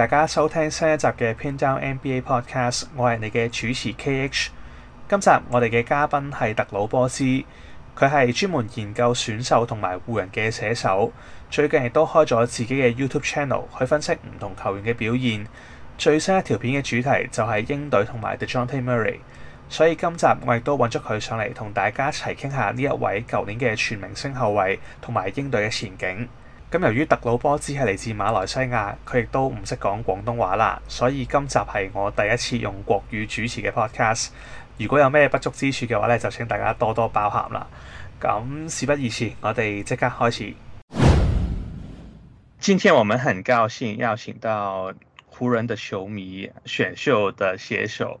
大家收聽新一集嘅 Pin Down NBA Podcast，我係你嘅主持 KH。今集我哋嘅嘉賓係特魯波滋，佢係專門研究選手同埋湖人嘅寫手，最近亦都開咗自己嘅 YouTube Channel 去分析唔同球員嘅表現。最新一條片嘅主題就係鷹隊同埋 Dejounte Murray，所以今集我亦都揾咗佢上嚟同大家一齊傾下呢一位舊年嘅全明星後衛同埋鷹隊嘅前景。咁由於特魯波滋係嚟自馬來西亞，佢亦都唔識講廣東話啦，所以今集係我第一次用國語主持嘅 podcast。如果有咩不足之處嘅話咧，就請大家多多包涵啦。咁事不宜遲，我哋即刻開始。今天我們很高興要請到湖人嘅球迷、選秀的寫手。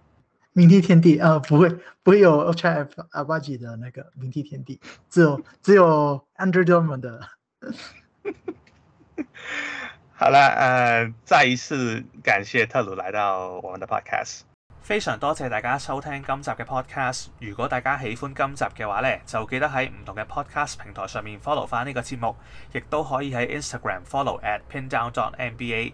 明天天地啊、呃，不會不會有 Ochai 阿巴吉的那個明天天，天地，只有只有 u n d e r d o n 的。 好了，誒、呃，再一次感謝特魯來到我們的 podcast。非常多謝大家收聽今集嘅 podcast，如果大家喜歡今集嘅話咧，就記得喺唔同嘅 podcast 平台上面 follow 翻呢個節目，亦都可以喺 Instagram follow at p i n d o w n dot n b a